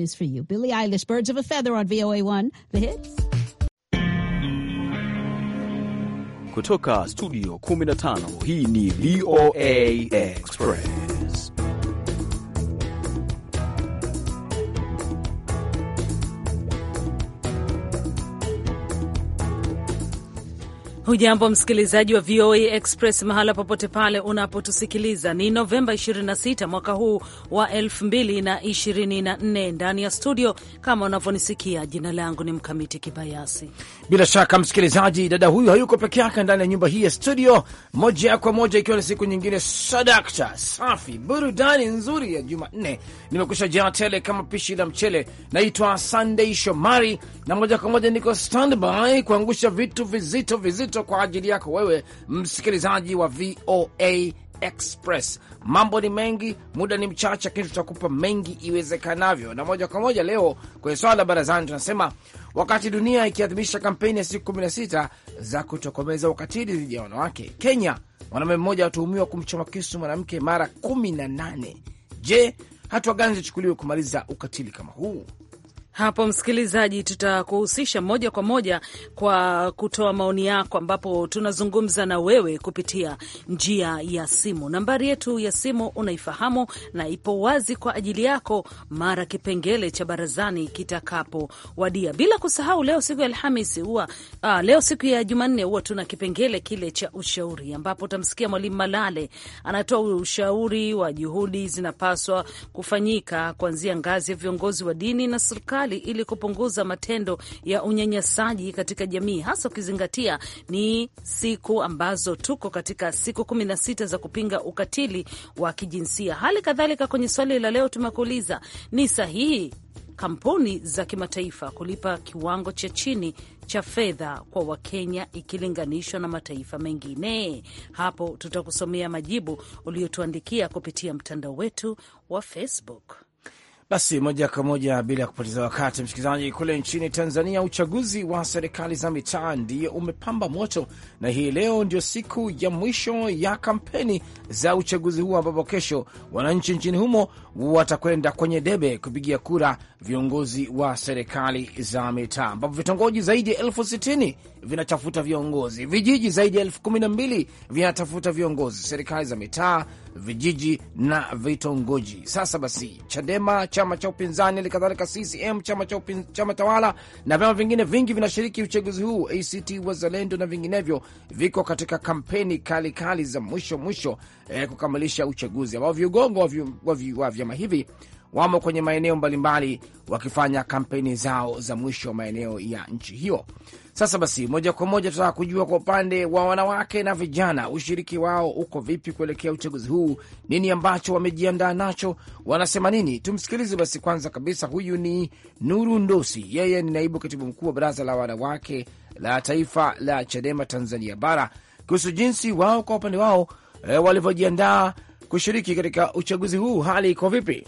is for you. Billie Eilish, Birds of a Feather on VOA1, the hits. Kutoka studio 15 hii ni VOA Express. Hujambo msikilizaji wa VOA Express mahala popote pale unapotusikiliza. Ni Novemba 26 mwaka huu wa 2024. Ndani ya studio kama unavyonisikia, jina langu ni Mkamiti Kibayasi. Bila shaka msikilizaji, dada huyu hayuko peke yake ndani ya nyumba hii ya studio, moja kwa moja, ikiwa ni siku nyingine sadakta safi, burudani nzuri ya Jumanne. Nimekusha jaa tele kama pishi la mchele. Naitwa Sunday Shomari na moja kwa moja niko standby kuangusha vitu vizito vizito hizo kwa ajili yako wewe msikilizaji wa VOA Express. Mambo ni mengi, muda ni mchache, lakini tutakupa mengi iwezekanavyo. Na moja kwa moja leo kwenye swala la barazani tunasema, wakati dunia ikiadhimisha kampeni ya siku 16 za kutokomeza ukatili dhidi ya wanawake, Kenya mwanaume mmoja atuhumiwa kumchoma kisu mwanamke mara 18. Je, hatua gani zichukuliwe kumaliza ukatili kama huu? hapo msikilizaji, tutakuhusisha moja kwa moja kwa kutoa maoni yako, ambapo tunazungumza na wewe kupitia njia ya simu. Nambari yetu ya simu unaifahamu na ipo wazi kwa ajili yako mara kipengele cha barazani kitakapowadia, bila kusahau leo siku ya Alhamisi huwa ah, leo siku ya Jumanne huwa tuna kipengele kile cha ushauri, ambapo utamsikia Mwalimu Malale anatoa ushauri wa juhudi zinapaswa kufanyika kuanzia ngazi ya viongozi wa dini na serikali serikali ili kupunguza matendo ya unyanyasaji katika jamii, hasa ukizingatia ni siku ambazo tuko katika siku kumi na sita za kupinga ukatili wa kijinsia. Hali kadhalika kwenye swali la leo tumekuuliza, ni sahihi kampuni za kimataifa kulipa kiwango cha chini cha fedha kwa Wakenya ikilinganishwa na mataifa mengine. Hapo tutakusomea majibu uliotuandikia kupitia mtandao wetu wa Facebook. Basi moja kwa moja bila ya kupoteza wakati, msikilizaji, kule nchini Tanzania uchaguzi wa serikali za mitaa ndiyo umepamba moto, na hii leo ndio siku ya mwisho ya kampeni za uchaguzi huo, ambapo kesho wananchi nchini humo watakwenda kwenye debe kupigia kura viongozi wa serikali za mitaa, ambapo vitongoji zaidi ya elfu sitini vinatafuta viongozi, vijiji zaidi ya elfu kumi na mbili vinatafuta viongozi, serikali za mitaa, vijiji na vitongoji. Sasa basi, Chadema, chama cha upinzani, hali kadhalika CCM, chama cha upin, chama tawala na vyama vingine vingi vinashiriki uchaguzi huu, ACT Wazalendo na vinginevyo, viko katika kampeni kali kali za mwisho mwisho, eh, kukamilisha uchaguzi ambao viugongo wa vyama hivi wamo kwenye maeneo mbalimbali wakifanya kampeni zao za mwisho wa maeneo ya nchi hiyo. Sasa basi, moja kwa moja tunataka kujua kwa upande wa wanawake na vijana, ushiriki wao uko vipi kuelekea uchaguzi huu? Nini ambacho wamejiandaa nacho? Wanasema nini? Tumsikilize basi. Kwanza kabisa, huyu ni Nuru Ndosi, yeye ni naibu katibu mkuu wa baraza la wanawake la taifa la CHADEMA Tanzania Bara, kuhusu jinsi wao kwa upande wao e, walivyojiandaa kushiriki katika uchaguzi huu. Hali iko vipi?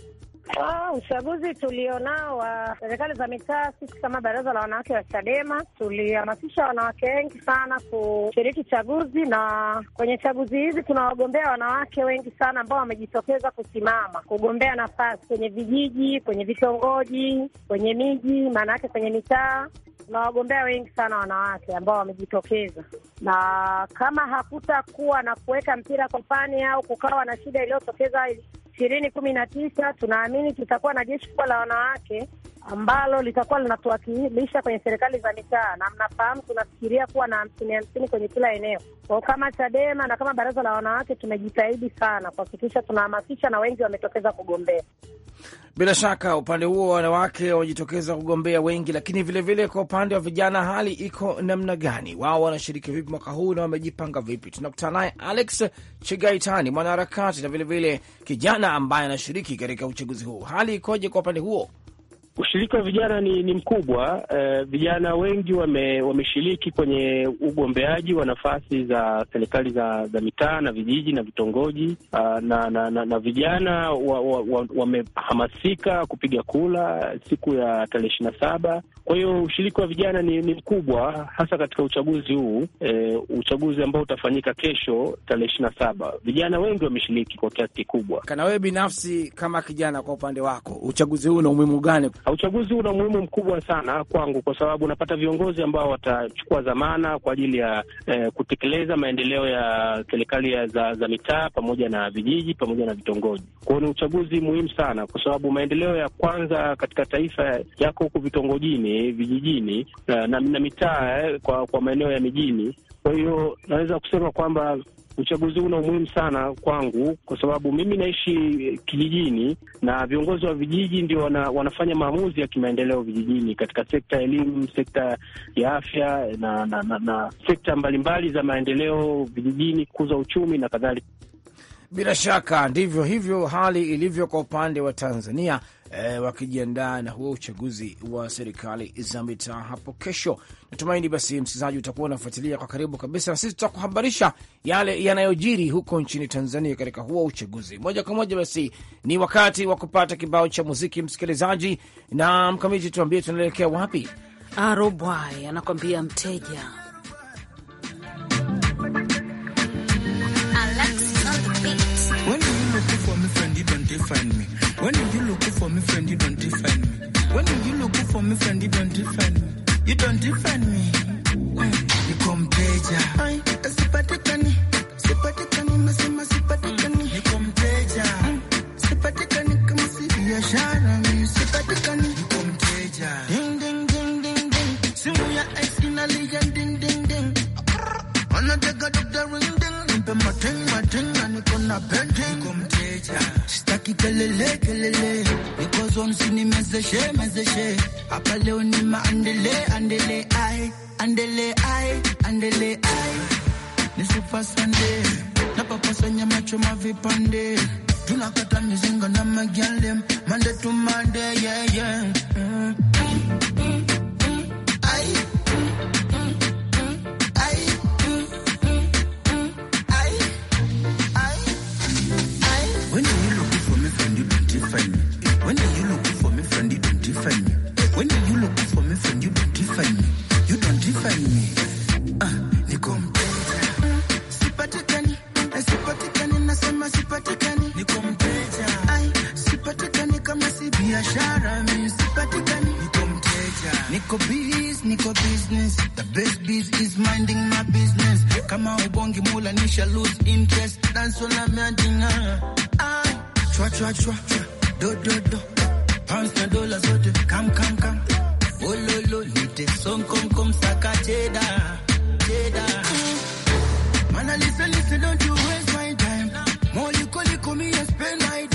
Oh, uchaguzi tulionao wa serikali za mitaa, sisi kama baraza la wanawake wa Chadema tulihamasisha wanawake wengi sana kushiriki chaguzi, na kwenye chaguzi hizi tuna wagombea wanawake wengi sana ambao wamejitokeza kusimama kugombea nafasi kwenye vijiji, kwenye vitongoji, kwenye miji, maana yake kwenye mitaa na wagombea wengi sana wanawake ambao wamejitokeza, na kama hakutakuwa na kuweka mpira kwa pani au kukawa na shida iliyotokeza ishirini kumi na tisa, tunaamini tutakuwa na jeshi kubwa la wanawake ambalo litakuwa linatuwakilisha kwenye serikali za mitaa, na mnafahamu tunafikiria kuwa na hamsini hamsini kwenye kila eneo. Kwa kama Chadema na kama baraza la wanawake tumejitahidi sana kuhakikisha tunahamasisha, na wengi wametokeza kugombea. Bila shaka upande huo wanawake wamejitokeza kugombea wengi, lakini vilevile vile kwa upande wa vijana hali iko namna gani? Wao wanashiriki vipi mwaka huu na wamejipanga vipi? Tunakutana naye Alex Chigaitani, mwanaharakati na vilevile vile kijana ambaye anashiriki katika uchaguzi huu. Hali ikoje kwa upande huo? Ushiriki wa vijana ni, ni mkubwa. Uh, vijana wengi wame, wameshiriki kwenye ugombeaji wa nafasi za serikali za, za mitaa na vijiji na vitongoji uh, na, na, na, na vijana wamehamasika wa, wa, wa kupiga kula siku ya tarehe ishirini na saba. Kwa hiyo ushiriki wa vijana ni, ni mkubwa hasa katika uchaguzi huu e, uchaguzi ambao utafanyika kesho tarehe ishirini na saba. Vijana wengi wameshiriki kwa kiasi kikubwa. Kana wewe binafsi kama kijana, kwa upande wako uchaguzi huu una umuhimu gani? Uchaguzi una umuhimu mkubwa sana kwangu, kwa sababu unapata viongozi ambao watachukua dhamana kwa ajili ya eh, kutekeleza maendeleo ya serikali za, za mitaa pamoja na vijiji pamoja na vitongoji. Kwao ni uchaguzi muhimu sana, kwa sababu maendeleo ya kwanza katika taifa yako huku vitongojini, vijijini na, eh, na, na mitaa eh, kwa, kwa maeneo ya mijini. Kwa hiyo naweza kusema kwamba uchaguzi huu una umuhimu sana kwangu, kwa sababu mimi naishi eh, kijijini na viongozi wa vijiji ndio wana, wanafanya maamuzi ya kimaendeleo vijijini katika sekta ya elimu, sekta ya afya na, na, na, na sekta mbalimbali za maendeleo vijijini, kukuza uchumi na kadhalika. Bila shaka ndivyo hivyo hali ilivyo kwa upande wa Tanzania e, wakijiandaa na huo uchaguzi wa serikali za mitaa hapo kesho. Natumaini basi msikilizaji utakuwa unafuatilia kwa karibu kabisa, na sisi tutakuhabarisha yale yanayojiri huko nchini Tanzania katika huo uchaguzi moja kwa moja. Basi ni wakati wa kupata kibao cha muziki msikilizaji, na Mkamiji, tuambie tunaelekea wapi? Arobwai anakwambia mteja Alex, for me, friend, you don't defend me. When you looking for me, friend, you don't defend me. You don't defend me. You come pleasure. I sipatikani, sipatikani, nasema sipatikani. You come pleasure. Mm. Sipatikani kama si biashara, mimi sipatikani. You come pleasure. Ding ding ding ding ding. Simu ya ex inalia ding ding ding. Anataka dukta ring ding. Nimpe mating mating na niko na pending. You come pleasure. Sitaki kelele mazeshe mezeshe hapa leo ni maandele andele ai andele ai andele ai ni super Sunday na papasanya macho mavipande tunakata mizinga na magyale mande tumande yeah, yeah. Niko biz, niko business. The best biz is minding my business. Kama ubongi mula nisha lose interest. Dance on la miadina. Ay, chwa chwa chwa, do do do. Pounds na dola zote, come come. come Ololo nite song kom kom saka cheda, cheda. Mana listen listen, don't you waste my time. More liko call me spend my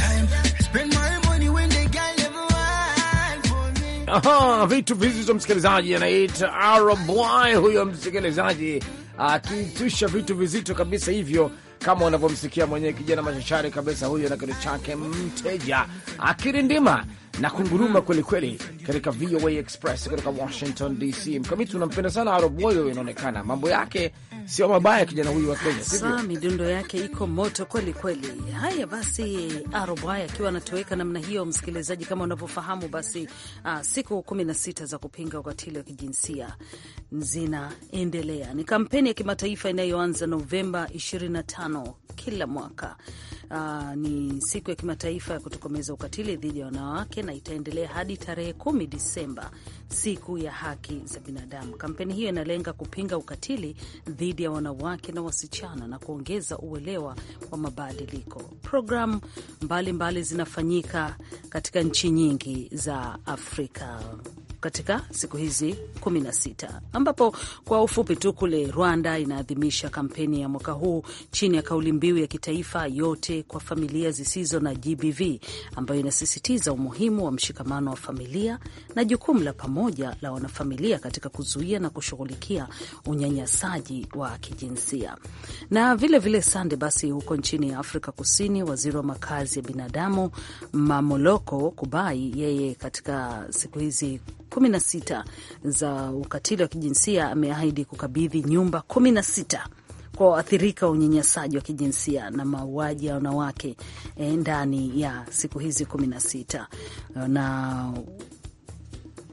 Aha, vitu vizito msikilizaji, anaita Arobwai huyo msikilizaji akiitisha vitu vizito kabisa hivyo, kama unavyomsikia mwenyewe, kijana machachari kabisa huyo na kitu chake mteja akirindima na kunguruma kwelikweli katika VOA Express kutoka Washington DC. Mkamiti, unampenda sana Aroboyo, inaonekana mambo yake sio mabaya, kijana huyu wa Kenya. midundo yake iko moto kweli kweli. Haya basi, Aroboyo akiwa anatoweka namna hiyo, msikilizaji, kama unavyofahamu basi, uh, siku kumi na sita za kupinga ukatili wa kijinsia zinaendelea. Ni kampeni ya kimataifa inayoanza Novemba 25 kila mwaka. Uh, ni siku ya kimataifa ya kutokomeza ukatili dhidi ya wanawake na itaendelea hadi tarehe kumi Disemba, siku ya haki za binadamu. Kampeni hiyo inalenga kupinga ukatili dhidi ya wanawake na wasichana na kuongeza uelewa wa mabadiliko. Programu mbalimbali zinafanyika katika nchi nyingi za Afrika katika siku hizi 16 ambapo kwa ufupi tu kule Rwanda inaadhimisha kampeni ya mwaka huu chini ya kauli mbiu ya kitaifa yote kwa familia zisizo na GBV ambayo inasisitiza umuhimu wa mshikamano wa familia na jukumu la pamoja la wanafamilia katika kuzuia na kushughulikia unyanyasaji wa kijinsia. Na vile vile sande, basi huko nchini Afrika Kusini, waziri wa makazi ya binadamu Mamoloko Kubai, yeye katika siku hizi 16 za ukatili wa kijinsia ameahidi kukabidhi nyumba 16 kwa waathirika wa unyanyasaji wa kijinsia na mauaji ya wanawake e, ndani ya siku hizi sita na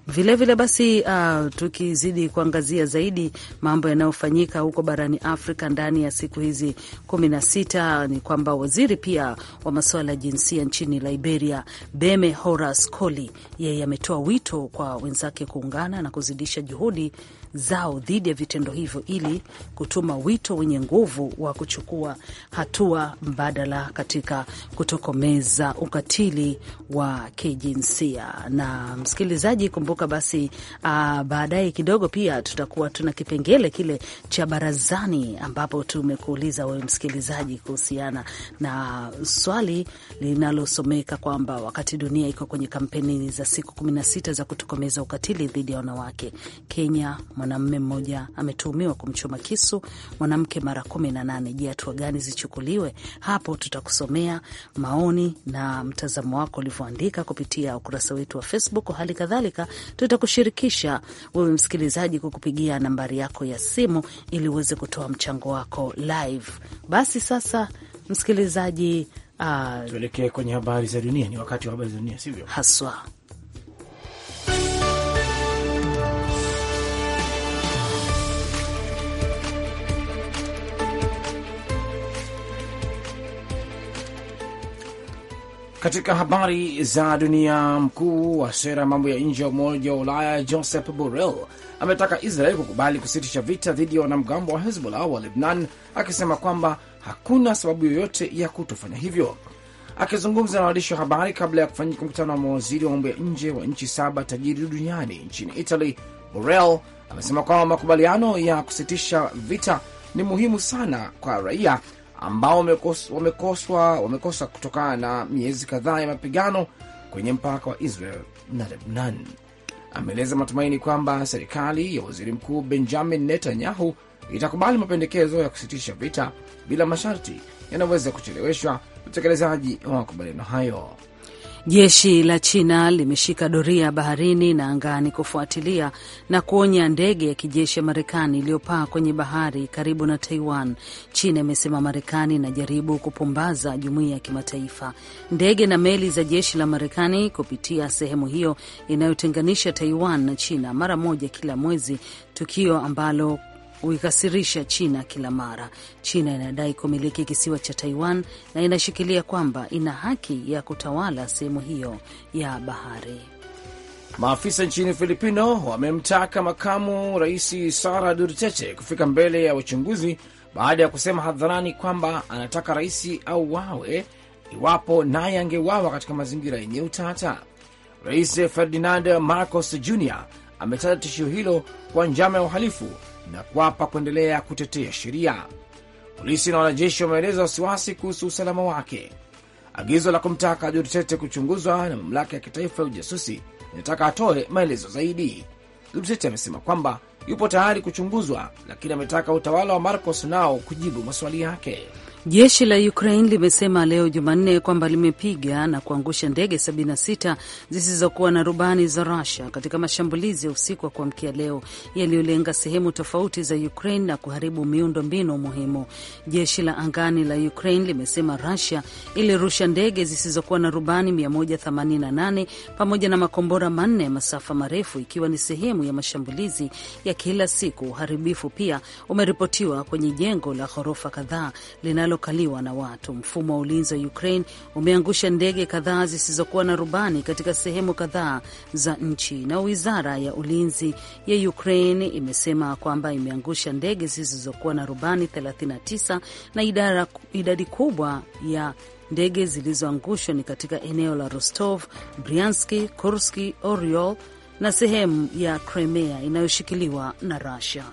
Vilevile vile basi, uh, tukizidi kuangazia zaidi mambo yanayofanyika huko barani Afrika ndani ya siku hizi kumi na sita ni kwamba waziri pia wa masuala ya jinsia nchini Liberia, Beme Horace Coli, yeye ametoa wito kwa wenzake kuungana na kuzidisha juhudi zao dhidi ya vitendo hivyo ili kutuma wito wenye nguvu wa kuchukua hatua mbadala katika kutokomeza ukatili wa kijinsia. Na msikilizaji, kumbuka basi, uh, baadaye kidogo pia tutakuwa tuna kipengele kile cha barazani, ambapo tumekuuliza wewe msikilizaji kuhusiana na swali linalosomeka kwamba wakati dunia iko kwenye kampeni za siku 16 za kutokomeza ukatili dhidi ya wanawake, Kenya Mwanamume mmoja ametuhumiwa kumchoma kisu mwanamke mara kumi na nane. Je, hatua gani zichukuliwe? Hapo tutakusomea maoni na mtazamo wako ulivyoandika kupitia ukurasa wetu wa Facebook. Hali kadhalika tutakushirikisha wewe msikilizaji kukupigia nambari yako ya simu ili uweze kutoa mchango wako live. Basi sasa msikilizaji, uh, tuelekee kwenye habari za dunia. Ni wakati wa habari za dunia, sivyo? Haswa. Katika habari za dunia, mkuu wa sera ya mambo ya nje ya Umoja wa Ulaya Joseph Borrell ametaka Israel kukubali kusitisha vita dhidi ya wanamgambo wa Hezbollah wa Lebnan, akisema kwamba hakuna sababu yoyote ya kutofanya hivyo. Akizungumza na waandishi wa habari kabla ya kufanyika mkutano wa mawaziri wa mambo ya nje wa nchi saba tajiri duniani nchini Italy, Borrell amesema kwamba makubaliano ya kusitisha vita ni muhimu sana kwa raia ambao wamekoswa wamekosa kutokana na miezi kadhaa ya mapigano kwenye mpaka wa Israel na Lebnan. Ameeleza matumaini kwamba serikali ya waziri mkuu Benjamin Netanyahu itakubali mapendekezo ya kusitisha vita bila masharti yanayoweza kucheleweshwa utekelezaji wa makubaliano hayo. Jeshi la China limeshika doria baharini na angani kufuatilia na kuonya ndege ya kijeshi ya Marekani iliyopaa kwenye bahari karibu na Taiwan. China imesema Marekani inajaribu kupumbaza jumuiya ya kimataifa. Ndege na meli za jeshi la Marekani kupitia sehemu hiyo inayotenganisha Taiwan na China mara moja kila mwezi, tukio ambalo kuikasirisha China kila mara. China inadai kumiliki kisiwa cha Taiwan na inashikilia kwamba ina haki ya kutawala sehemu hiyo ya bahari. Maafisa nchini Filipino wamemtaka makamu rais Sara Duterte kufika mbele ya wachunguzi baada ya kusema hadharani kwamba anataka rais au wawe iwapo naye angewawa katika mazingira yenye utata. Rais Ferdinand Marcos Jr ametaja tishio hilo kwa njama ya uhalifu na kuapa kuendelea kutetea sheria. Polisi na wanajeshi wameeleza wasiwasi kuhusu usalama wake. Agizo la kumtaka Duterte kuchunguzwa na mamlaka ya kitaifa ya ujasusi inataka atoe maelezo zaidi. Duterte amesema kwamba yupo tayari kuchunguzwa, lakini ametaka utawala wa Marcos nao kujibu maswali yake. Jeshi la Ukraine limesema leo Jumanne kwamba limepiga na kuangusha ndege 76 zisizokuwa na rubani za rusia katika mashambulizi ya usiku wa kuamkia leo yaliyolenga sehemu tofauti za Ukraine na kuharibu miundo mbinu muhimu. Jeshi la angani la Ukraine limesema Russia ilirusha ndege zisizokuwa na rubani 188 pamoja na makombora manne ya masafa marefu, ikiwa ni sehemu ya mashambulizi ya kila siku. Uharibifu pia umeripotiwa kwenye jengo la ghorofa kadhaa linalo linalokaliwa na watu. Mfumo wa ulinzi wa Ukraine umeangusha ndege kadhaa zisizokuwa na rubani katika sehemu kadhaa za nchi, na wizara ya ulinzi ya Ukraine imesema kwamba imeangusha ndege zisizokuwa na rubani 39 na idara, idadi kubwa ya ndege zilizoangushwa ni katika eneo la Rostov, Brianski, Kurski, Oriol na sehemu ya Crimea inayoshikiliwa na Russia.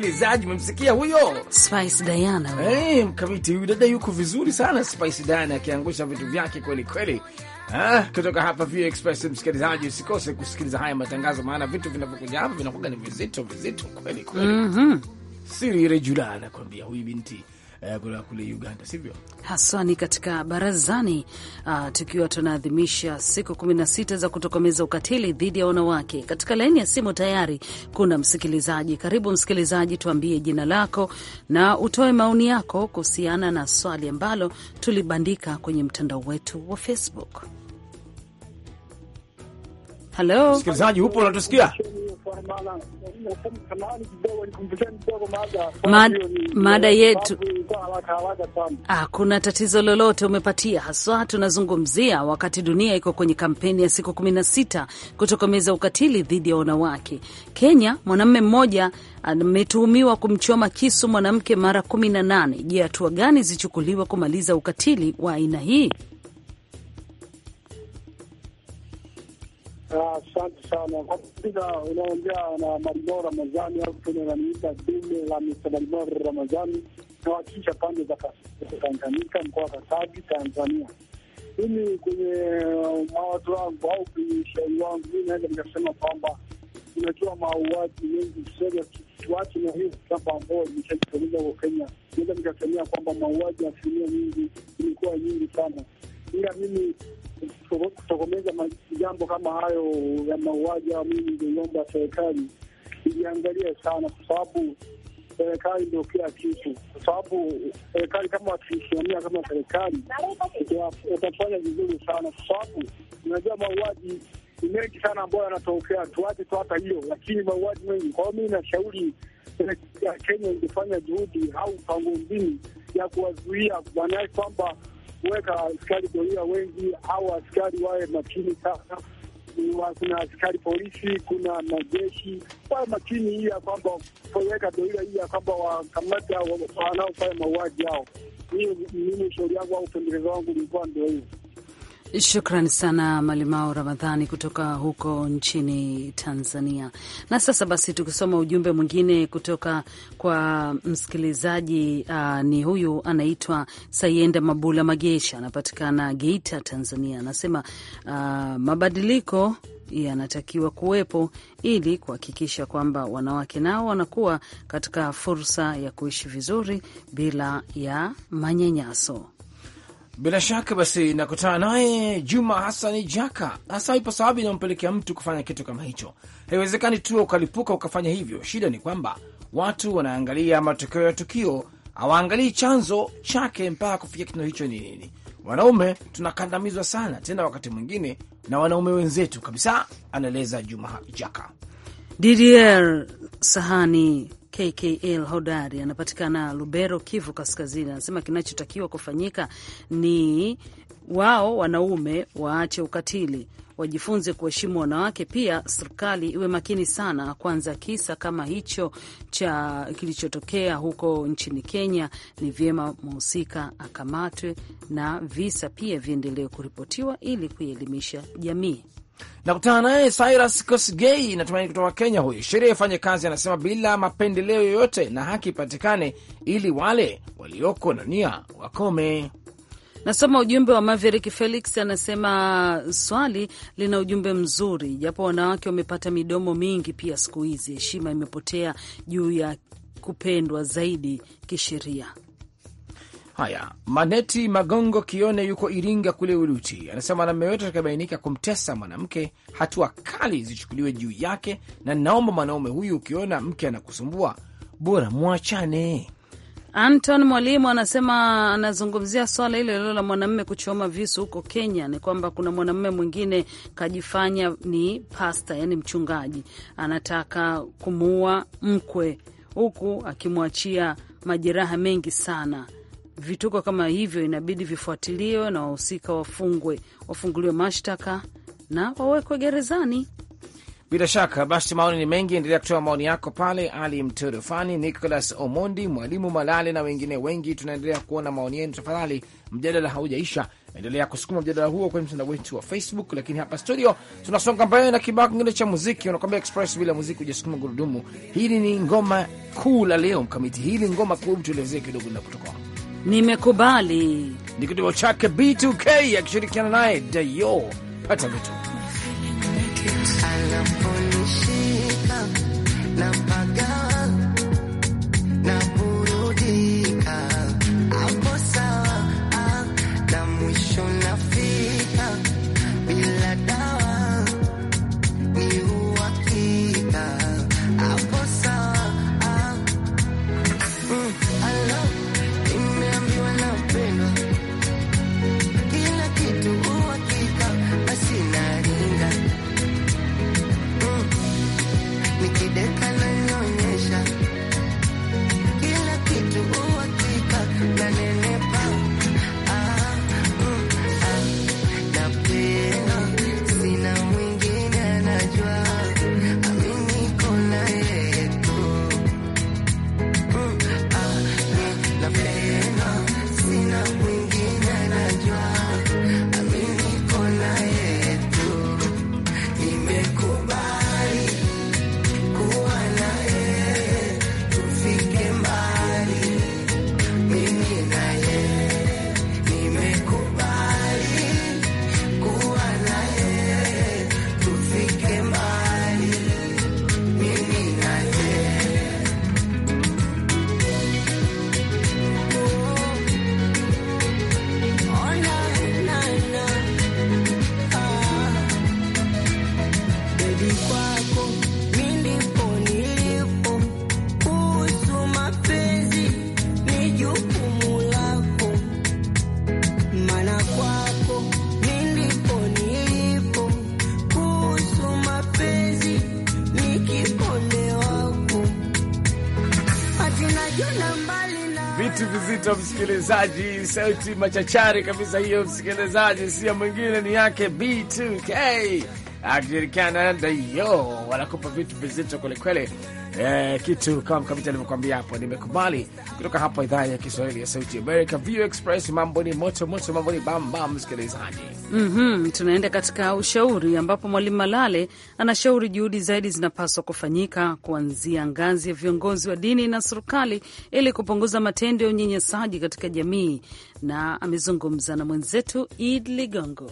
msikilizaji, memsikia huyo Spice Diana hey, eh, mkamiti huyu dada yuko vizuri sana Spice Diana akiangusha vitu vyake kweli kweli. Ah, kutoka hapa View Express msikilizaji, usikose kusikiliza haya matangazo, maana vitu vinavyokuja hapa vinakuwa ni vizito vizito kweli kweli. mm -hmm. Siri Jula anakuambia huyu binti uh, kule Uganda, sivyo? Haswa ni katika barazani uh, tukiwa tunaadhimisha siku kumi na sita za kutokomeza ukatili dhidi ya wanawake. Katika laini ya simu tayari kuna msikilizaji. Karibu msikilizaji, tuambie jina lako na utoe maoni yako kuhusiana na swali ambalo tulibandika kwenye mtandao wetu wa Facebook. Halo msikilizaji, upo unatusikia? mada yetu ah, kuna tatizo lolote umepatia haswa. Tunazungumzia wakati dunia iko kwenye kampeni ya siku 16 kutokomeza ukatili dhidi ya wanawake. Kenya, mwanamume mmoja ametuhumiwa kumchoma kisu mwanamke mara 18. Je, hatua gani zichukuliwa kumaliza ukatili wa aina hii? Asante sana kwa kupiga Unaongea na Marimao Ramadhani au tena naniita dume la Mr. Marimao Ramazani, nawakilisha pande za Tanganyika, mkoa wa Katavi, Tanzania. Mimi kwenye uh, mawazo wangu au kwenye ushauri wangu, mi naweza nikasema kwamba unajua mauaji mengi seri tuache na hiyo kitabu ambayo imeshajitokeza huko Kenya. Naweza nikasemea kwamba mauaji asilimia nyingi imekuwa nyingi sana ila mimi kutokomeza majambo kama hayo ya mauaji au, mimi ningeomba serikali iliangalia sana, kwa sababu serikali ndio kila kitu, kwa sababu serikali kama wakisimamia kama serikali watafanya vizuri sana, kwa sababu unajua mauaji ni mengi sana ambayo yanatokea, tuache tu hata hiyo, lakini mauaji mengi. Kwa hiyo mimi nashauri Kenya ingefanya juhudi au mpango mbinu ya kuwazuia, maanaye kwamba kuweka askari doria wengi au askari wawe makini sana. Kuna askari polisi, kuna majeshi wawe makini, hii ya kwamba kuweka doria hii ya kwamba wakamata wanaofanya mauaji yao. Hiyo mimi shauri yangu au upendelezo wangu ulikuwa ndio hiyo. Shukran sana Malimao Ramadhani kutoka huko nchini Tanzania. Na sasa basi, tukisoma ujumbe mwingine kutoka kwa msikilizaji uh, ni huyu anaitwa Sayenda Mabula Magesha, anapatikana Geita, Tanzania. Anasema uh, mabadiliko yanatakiwa kuwepo ili kuhakikisha kwamba wanawake nao wanakuwa katika fursa ya kuishi vizuri bila ya manyanyaso. Bila shaka basi, nakutana naye Juma Hasani Jaka. Hasa ipo sababu inampelekea mtu kufanya kitu kama hicho. Haiwezekani tu ukalipuka ukafanya hivyo. Shida ni kwamba watu wanaangalia matokeo ya tukio, hawaangalii chanzo chake mpaka kufikia kitendo hicho ni nini. Wanaume tunakandamizwa sana, tena wakati mwingine na wanaume wenzetu kabisa, anaeleza Juma Jaka. Didier Sahani KKL Hodari anapatikana Lubero, Kivu Kaskazini, anasema kinachotakiwa kufanyika ni wao wanaume waache ukatili, wajifunze kuheshimu wanawake. Pia serikali iwe makini sana. Kwanza kisa kama hicho cha kilichotokea huko nchini Kenya, ni vyema mhusika akamatwe na visa pia viendelee kuripotiwa ili kuielimisha jamii. Nakutana naye Cyrus Kosgei, natumaini kutoka Kenya. Huyu sheria ifanye kazi, anasema bila mapendeleo yoyote, na haki ipatikane ili wale walioko na nia wakome. Nasoma ujumbe wa Maverick Felix, anasema swali lina ujumbe mzuri, japo wanawake wamepata midomo mingi pia siku hizi, heshima imepotea juu ya kupendwa zaidi kisheria. Haya, Maneti Magongo Kione yuko Iringa kule Uruti, anasema mwanamume wetu atakabainika kumtesa mwanamke, hatua kali zichukuliwe juu yake, na naomba mwanaume huyu, ukiona mke anakusumbua, bora mwachane. Anton Mwalimu anasema anazungumzia swala hilo lilo la mwanamume kuchoma visu huko Kenya. Ni kwamba kuna mwanamume mwingine kajifanya ni pasta, yani mchungaji, anataka kumuua mkwe, huku akimwachia majeraha mengi sana vituko kama hivyo inabidi vifuatiliwe na wahusika wafungwe, wafunguliwe mashtaka na wawekwe gerezani. Bila shaka basi, maoni ni mengi. Endelea kutoa maoni yako pale. Ali Mtorofani, Nicholas Omondi, Mwalimu Malale na wengine wengi, tunaendelea kuona maoni yenu. Tafadhali, mjadala haujaisha, endelea kusukuma mjadala huo kwenye mtandao wetu wa Facebook. Lakini hapa studio tunasonga mbele na kibao kingine cha muziki. Unakwambia express, bila muziki hujasukuma gurudumu. Hili ni ngoma kuu la leo, Mkamiti. Hili ngoma kuu, tuelezee kidogo na kutoka Nimekubali ni kidibao chake B2K akishirikiana naye Dayo. Pata vitu msikilizaji, sauti machachari kabisa hiyo, msikilizaji, sio mwingine ni yake B2K akishirikiana na Dayo, wanakupa vitu vizito kwelikweli eh, kitu kama mkamiti alivyokwambia hapo, nimekubali kutoka hapa idhaa ya Kiswahili ya Sauti Amerika VOA Express. Mambo ni moto moto, mambo ni bamba msikilizaji. mm -hmm. Tunaenda katika ushauri ambapo Mwalimu Malale anashauri juhudi zaidi zinapaswa kufanyika kuanzia ngazi ya viongozi wa dini na serikali ili kupunguza matendo ya unyenyesaji katika jamii, na amezungumza na mwenzetu Id Ligongo.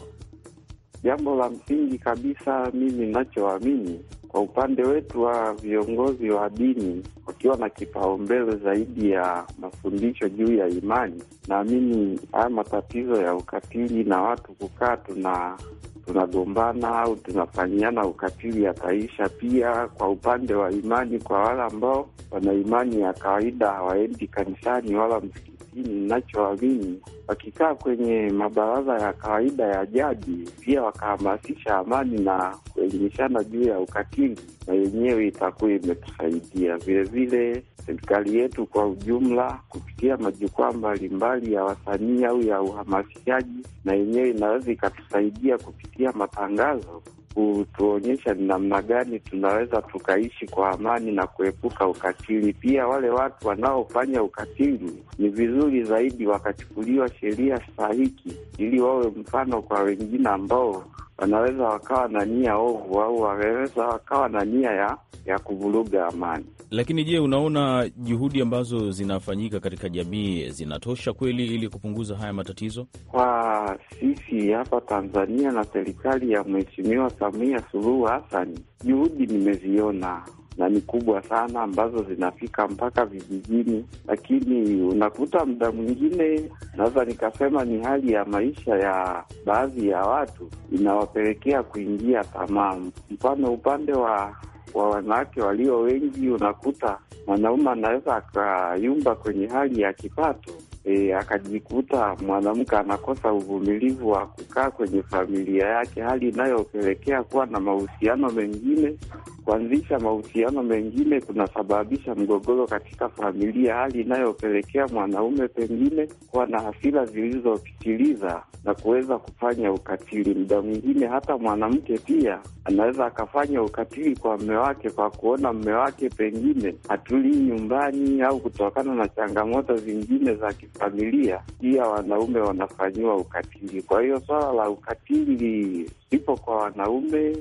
Jambo la msingi kabisa, mimi ninachoamini kwa upande wetu wa viongozi wa dini, wakiwa na kipaumbele zaidi ya mafundisho juu ya imani, naamini haya matatizo ya ukatili na watu kukaa tuna tunagombana au tunafanyiana ukatili yataisha. Pia kwa upande wa imani, kwa wale ambao wana imani ya kawaida hawaendi kanisani wala msikiti dini inachoamini wakikaa kwenye mabaraza ya kawaida ya jadi, pia wakahamasisha amani na kuelimishana juu ya ukatili, na yenyewe itakuwa imetusaidia vilevile. Serikali yetu kwa ujumla kupitia majukwaa mbalimbali ya wasanii au ya uhamasishaji, na yenyewe inaweza ikatusaidia kupitia matangazo kutuonyesha ni namna gani tunaweza tukaishi kwa amani na kuepuka ukatili. Pia wale watu wanaofanya ukatili ni vizuri zaidi wakachukuliwa sheria stahiki, ili wawe mfano kwa wengine ambao wanaweza wakawa na nia ovu au wanaweza wakawa na nia ya, ya kuvuruga amani. Lakini je, unaona juhudi ambazo zinafanyika katika jamii zinatosha kweli ili kupunguza haya matatizo kwa sisi hapa Tanzania na serikali ya Mheshimiwa Samia Suluhu Hassan, juhudi nimeziona na ni kubwa sana ambazo zinafika mpaka vijijini, lakini unakuta muda mwingine naweza nikasema ni hali ya maisha ya baadhi ya watu inawapelekea kuingia tamamu Mfano upande wa wa wanawake walio wengi, unakuta mwanaume anaweza akayumba kwenye hali ya kipato e, akajikuta mwanamke anakosa uvumilivu wa kukaa kwenye familia yake, hali inayopelekea kuwa na mahusiano mengine kuanzisha mahusiano mengine kunasababisha mgogoro katika familia, hali inayopelekea mwanaume pengine kuwa na hasira zilizopitiliza na kuweza kufanya ukatili. Muda mwingine hata mwanamke pia anaweza akafanya ukatili kwa mme wake kwa kuona mme wake pengine hatulii nyumbani au kutokana na changamoto zingine za kifamilia, pia wanaume wanafanyiwa ukatili. Kwa hiyo swala la ukatili lipo kwa wanaume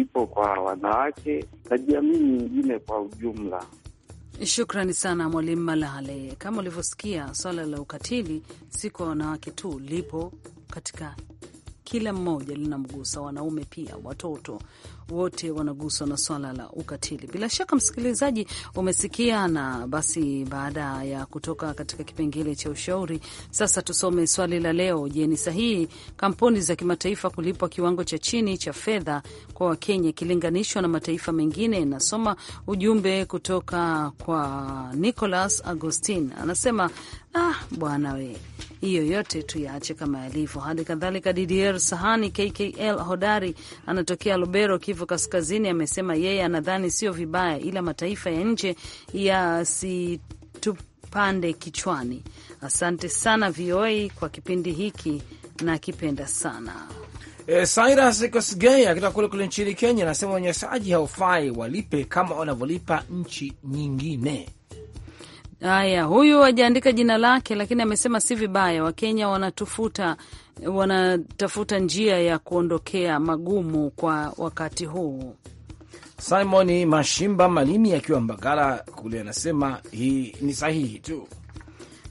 ipo kwa wanawake na jamii nyingine kwa ujumla. Shukrani sana Mwalimu Malale. Kama ulivyosikia, swala la ukatili si kwa wanawake tu, lipo katika kila mmoja linamgusa, wanaume pia, watoto wote wanaguswa na swala la ukatili. Bila shaka, msikilizaji, umesikia. Na basi baada ya kutoka katika kipengele cha ushauri, sasa tusome swali la leo. Je, ni sahihi kampuni za kimataifa kulipwa kiwango cha chini cha fedha kwa Wakenya ikilinganishwa na mataifa mengine? Nasoma ujumbe kutoka kwa Nicolas Agostin, anasema ah, bwana we hiyo yote tuyaache kama yalivyo. Hali kadhalika Didier Sahani KKL hodari anatokea Lubero, Kivu Kaskazini, amesema yeye anadhani sio vibaya, ila mataifa ya nje yasitupande kichwani. Asante sana VOA kwa kipindi hiki na kipenda sana. E, Cyrus Kosgei akitoka kule kule nchini Kenya anasema wanyesaji haufai, walipe kama wanavyolipa nchi nyingine. Haya, huyu hajaandika jina lake, lakini amesema si vibaya, Wakenya wanatufuta wanatafuta njia ya kuondokea magumu kwa wakati huu. Simoni Mashimba Malimi akiwa Mbagala kule anasema hii ni sahihi tu.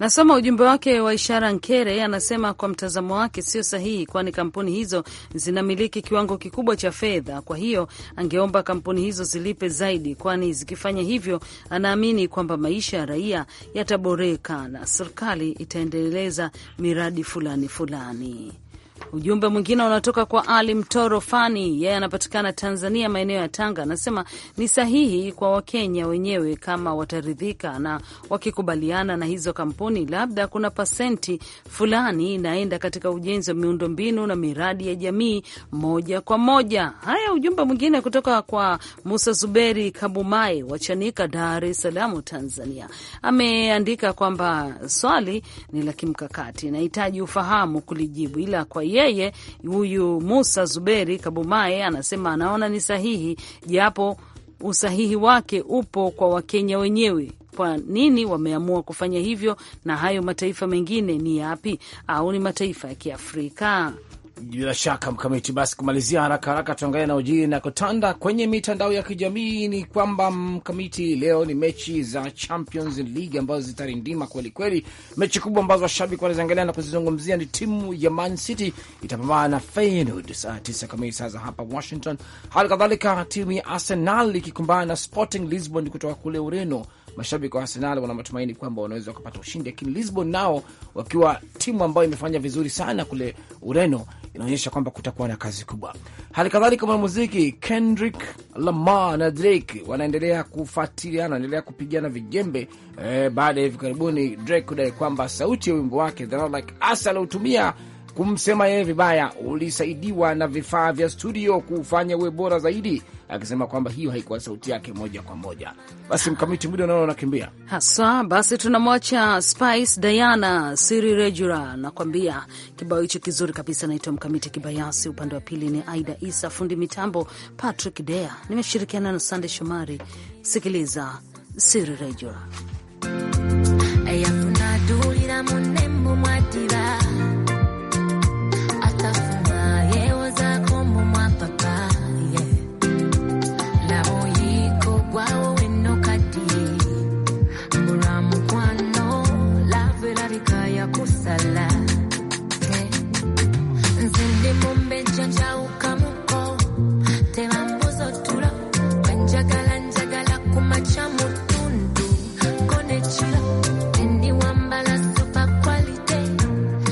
Nasoma ujumbe wake wa Ishara Nkere, anasema kwa mtazamo wake sio sahihi, kwani kampuni hizo zinamiliki kiwango kikubwa cha fedha. Kwa hiyo angeomba kampuni hizo zilipe zaidi, kwani zikifanya hivyo, anaamini kwamba maisha ya raia yataboreka na serikali itaendeleza miradi fulani fulani. Ujumbe mwingine unatoka kwa Ali Mtoro Fani, yeye anapatikana Tanzania, maeneo ya Tanga. Anasema ni sahihi kwa Wakenya wenyewe kama wataridhika na wakikubaliana na hizo kampuni, labda kuna pasenti fulani inaenda katika ujenzi wa miundombinu na miradi ya jamii moja kwa moja. Haya, ujumbe mwingine kutoka kwa Musa Zuberi Kabumae Wachanika, Dar es Salaam, Tanzania, ameandika kwamba swali ni la kimkakati, nahitaji ufahamu kulijibu, ila kwa ye yeye huyu Musa Zuberi Kabumae anasema anaona ni sahihi, japo usahihi wake upo kwa Wakenya wenyewe kwa nini wameamua kufanya hivyo, na hayo mataifa mengine ni yapi, au ni mataifa ya Kiafrika? bila shaka mkamiti. Basi kumalizia haraka haraka, tuangalia na ujiri na kutanda kwenye mitandao ya kijamii ni kwamba mkamiti, leo ni mechi za Champions League ambazo zitarindima kwelikweli. Mechi kubwa ambazo washabiki wanaziangalia na kuzizungumzia ni timu ya Man City itapambana na Feyenoord saa tisa kamili saa za hapa Washington. Hali kadhalika timu ya Arsenal ikikumbana na Sporting Lisbon kutoka kule Ureno mashabiki wa Arsenal wana matumaini kwamba wanaweza wakapata ushindi, lakini Lisbon nao wakiwa timu ambayo imefanya vizuri sana kule Ureno, inaonyesha kwamba kutakuwa na kazi kubwa. Hali kadhalika mwanamuziki Kendrick Lamar na Drake wanaendelea kufuatiliana, wanaendelea kupigana vijembe eh, baada ya hivi karibuni Drake kudai kwamba sauti ya wimbo wake The Not Like Us aliotumia kumsema yeye vibaya, ulisaidiwa na vifaa vya studio kuufanya uwe bora zaidi, akisema kwamba hiyo haikuwa sauti yake moja kwa moja. Basi mkamiti muda unaona unakimbia haswa. Basi tunamwacha Spice Diana Siri Rejura, nakwambia kibao hicho kizuri kabisa. Naitwa Mkamiti Kibayasi, upande wa pili ni Aida Isa, fundi mitambo Patrick Dea, nimeshirikiana na Sande Shomari. Sikiliza Siri Rejura.